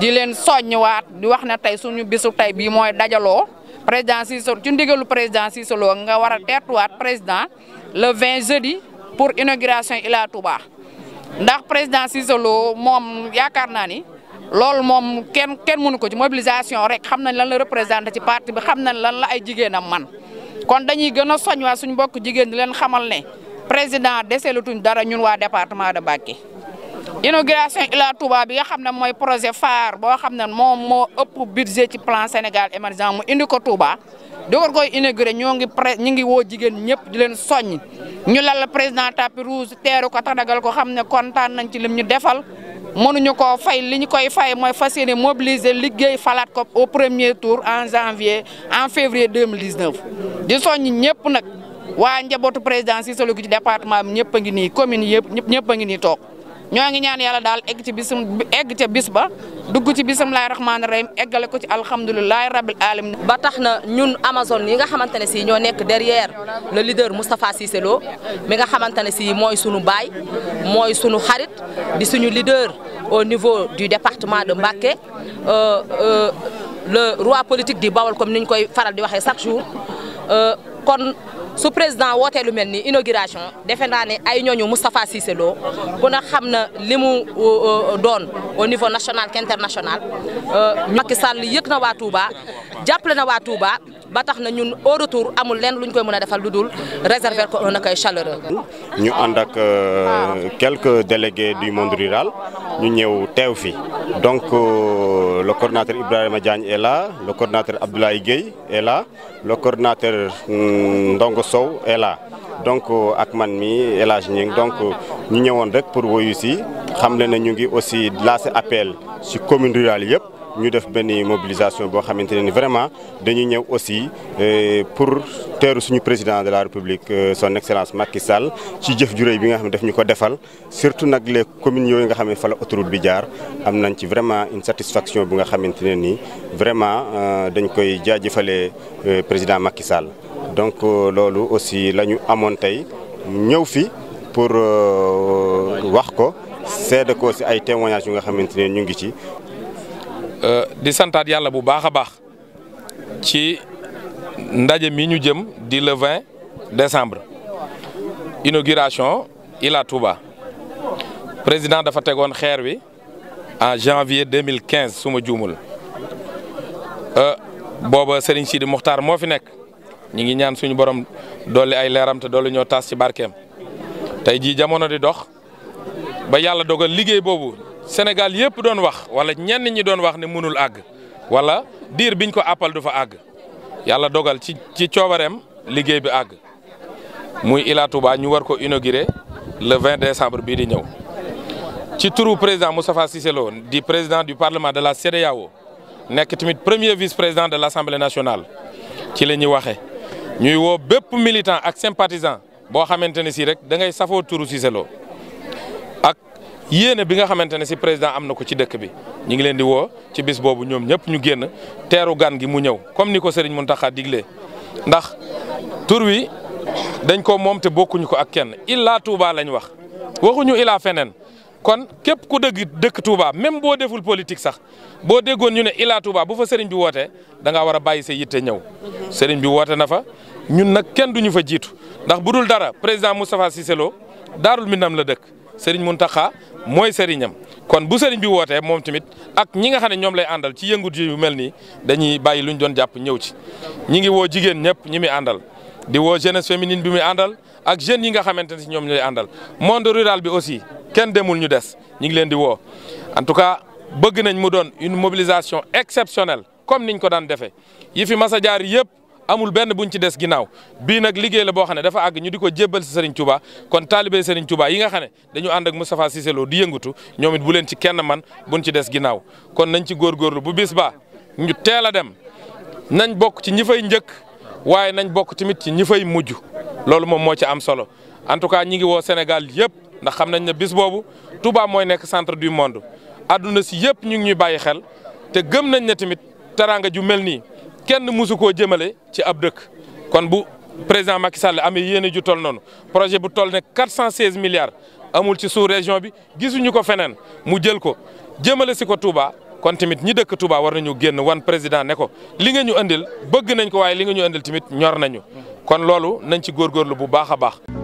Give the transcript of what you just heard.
di leen soññwaat di wax ne suñu bisu tay bi moy dajalo président sur ci ndigalu président ci solo nga wara a wat président le 20 jeudi pour inauguration Ila Touba ndax président ci solo mom yaakaar ni lol mom ken ken mënu ko ci mobilisation rek xam nañ lan la représenter ci parti bi xam nañ lan la ay jigéenam man kon dañuy gëna soñ wa suñu bokk jigéen di len xamal ne président deseelatuñ dara ñun wa département de Mbacké inauguration Ila Touba bi nga xam ne mooy projet phare boo xam ne moom moo ëpp budget ci plan Sénégal émergent mu indi ko Touba di ko koy inauguré ñoo ngi pre ñu ngi woo jigéen ñëpp di leen soññ ñu lal président tapis rouge teeru ko tadagal ko xam ne kontaan nañ ci lim ñu defal mënuñu koo fay li ñu koy fay mooy fas yéene mobiliser liggéey falaat ko o premier tour en janvier en février 2019 di soñ ñëpp nag waa njabootu président Cissé Lô ci département bi ñëpp ngi nii commune yëpp ñëpp a ngi nii toog ñoo ngi ñaan yàlla daal egg ci bisum egg ca bis ba dugg ci bisum laay rahmaani rahim eggale ko ci alhamdulilahi rabil alamin ba tax na ñun Amazone yi nga xamante ne si ñoo nekk derrière le leader Moustapha Cissé Lo mi nga xamante ne si mooy sunu baay mooy sunu xarit di suñu leader au niveau du département de Mbacké euh, euh, le roi politique di Bawol comme ni ñu koy faral di waxee chaque jour euh, kon su président wootee lu mel ni inauguration defe naa ne ay ñooñu Moustapha Cissé Lo ku ne xam na li mu euh, euh, doon au niveau national ak international euh, Macky Sall yëg na waa Touba jàppale na waa Touba ba tax na ñun au retour amul leen lu ñu koy mën a defal lu dul réserver ko un accueil chaleureux. ñu ànd ak euh, quelques délégués du monde rural ñu ñëw teew fi donc euh, le coordinateur Ibrahima Diagne est là le coordinateur Abdoulaye Gueye est là le coordinateur hmm, Ndongo Sow est là donc euh, ak man mi El Hadj donc ñu ñëwoon rek pour woyu si xam le na ñu ngi aussi lancé appel si commune rurale yëpp. ñu def benn mobilisation boo xamante ne ni vraiment dañuy ñëw aussi euh, pour teeru suñu président de la république euh, son excellence Macky Sall ci jëf ju bi nga xam ne daf ñu ko defal surtout nag les communes yooyu nga xam ne fa la autoroute bi jaar am nañ ci vraiment une satisfaction bu nga xamante ne nii vraiment euh, dañ koy jaajëfalee président Macky Sall donc loolu aussi la ñu amoon tey ñëw fi pour wax ko seede ko si ay témoignages yu nga xamante ne ñu ngi ci Euh, di santaat yàlla bu baax a baax ci ndaje mi ñu jëm di le 20 décembre inauguration Ila Touba président dafa tegoon xeer wi en janvier 2015 su ma juumul euh, booba Serigne Sidi Mokhtar moo fi nekk ñu ngi ñaan suñu borom dolli ay leeram te dolli ñoo tas ci barkeem tey jii jamono di dox ba yàlla dogal liggéey boobu. Sénégal yépp doon wax wala ñenn ñi doon wax ne mënul àgg wala diir biñ ko àppal du fa àgg yalla dogal ci ci coobareem liggéey bi àgg muy Ila Touba ñu war ko inaugurer le 20 décembre bi di ñëw ci turu président Moustapha Cissé Lo di président du parlement de la CEDEAO nek timit premier vice président de l'Assemblée nationale ci la ñuy waxee ñuy wo bép militant ak sympathisant bo xamante si rek da ngay safo turu Cissé Lo yéene bi nga xamante ne si président am na ko ci dëkk bi ñu ngi leen di woo ci bis boobu ñoom ñëpp ñu génn teeru gan gi mu ñëw comme ni ko Serigne Mountakha diglee ndax tur wi dañ ko moom te bokkuñu ko ak kenn illaa Touba lañ wax waxuñu illaa feneen kon képp ku dëgg dëkk Touba même boo deful politique sax boo déggoon ñu ne illaa Touba bu fa Serigne bi wootee da ngaa war a bàyyi sa yitte ñëw sëriñ bi woote na fa ñun nag kenn duñu fa jiitu ndax bu dul dara président Moustapha Cissé Lo daarul Minam la dëkk. sëriñ Mountakha mooy seriñam kon bu sëriñ bi wootee moom tamit ak ñi nga xam ne ñoom lay àndal ci yëngu ji yu mel ni dañuy bàyyi luñ doon jàpp ñëw ci ñi ngi woo jigéen ñëpp ñi muy àndal di woo jeunesse féminine bi muy àndal ak jeunes yi nga xamante ne ñoom lay àndal monde rural bi aussi kenn demul ñu des ñi ngi leen di woo en tout cas bëgg nañ mu doon une mobilisation exceptionnelle comme niñ ko daan defee yi fi masa jaar yëpp amul benn buñ ci des ginnaaw bii nag liggéey la boo xam dafa àgg ñu di ko jébbal si Serigne Touba kon taalibe Serigne Touba yi nga xam ne dañu ànd ak Moustapha Cissé Lo di yëngatu ñoom bu leen ci kenn man buñ ci des ginnaaw kon nañ ci góorgóorlu bu bis ñu teel a dem nañ bokk ci ñi fay njëkk waaye nañ bokk tamit ci ñi ci am solo en tout cas ñi ngi woo Sénégal yëpp ndax ne bis boobu Touba mooy nekk centre du monde adduna si yëpp ñu ngi ñuy bàyyi xel te gëm nañ ne tamit teraanga ju melni. kenn mësu koo jëmale ci ab dëkk kon bu président Macky Sall amee yéene ju toll noonu projet bu toll ne 416 milliards amul ci suu région bi gisuñu ko feneen mu jël ko jëmale si ko Touba kon tamit ñi dëkk Touba war nañu génn wan président ne ko li nga ñu andil bëgg nañ ko waaye li nga ñu andil tamit ñor nañu kon loolu nañ ci góorgóorlu bu baax a baax.